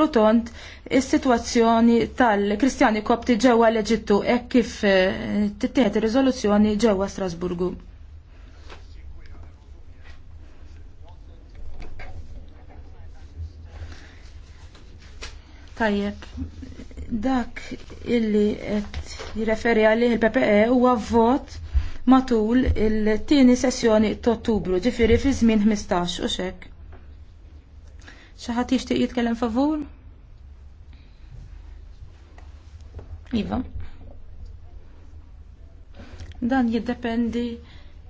rotond is-sitwazzjoni tal-Kristjani Kopti ġewwa l-Eġittu hekk kif eh, tittieħed ir-riżoluzzjoni ġewwa Strasburgu. Tajjeb, dak illi qed jirreferi għalih il-PPE huwa vot matul il-tieni sessjoni ta' Ottubru, ġifieri fi żmien 15 u xekk. Xi ħadd jixtieq jitkellem favur? Iva. Dan jiddependi